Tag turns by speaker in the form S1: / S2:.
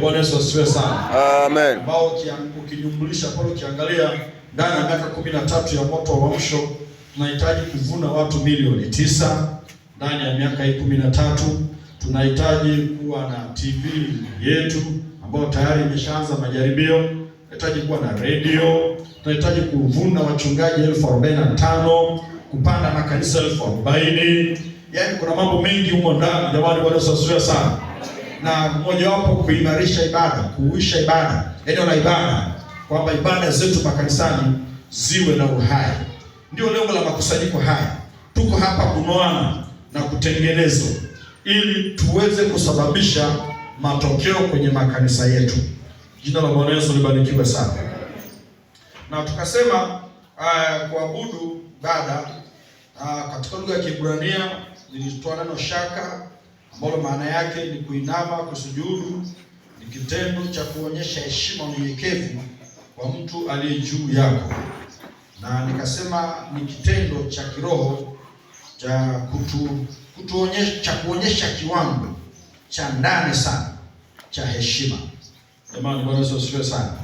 S1: Bwana Amen. Ambao ukinyumbulisha pale ukiangalia ndani ya miaka kumi na tatu ya moto wa uamsho tunahitaji kuvuna watu milioni tisa ndani ya miaka hii kumi na tatu. Tunahitaji kuwa na TV yetu ambayo tayari imeshaanza majaribio. Tunahitaji kuwa na redio. Tunahitaji kuvuna wachungaji elfu arobaini na tano kupanda makanisa elfu arobaini. Yaani kuna mambo mengi humo ndani jamani. Bwana Yesu asifiwe sana na mojawapo kuimarisha ibada, kuuisha ibada, eneo la ibada, kwamba ibada zetu makanisani ziwe na uhai. Ndio lengo la makusanyiko haya. Tuko hapa kunoana na kutengenezwa ili tuweze kusababisha matokeo kwenye makanisa yetu. Jina la Bwana Yesu libarikiwe sana. Na tukasema uh, kuabudu baada uh, katika lugha ya Kiebrania lilitoa neno shaka ambalo maana yake ni kuinama, kusujudu ni kitendo cha kuonyesha heshima, unyenyekevu kwa mtu aliye juu yako, na nikasema ni kitendo cha kiroho cha kutu, kutuonyesha, cha kuonyesha kiwango cha ndani sana cha heshima. Jamani, Bwana Yesu asifiwe sana.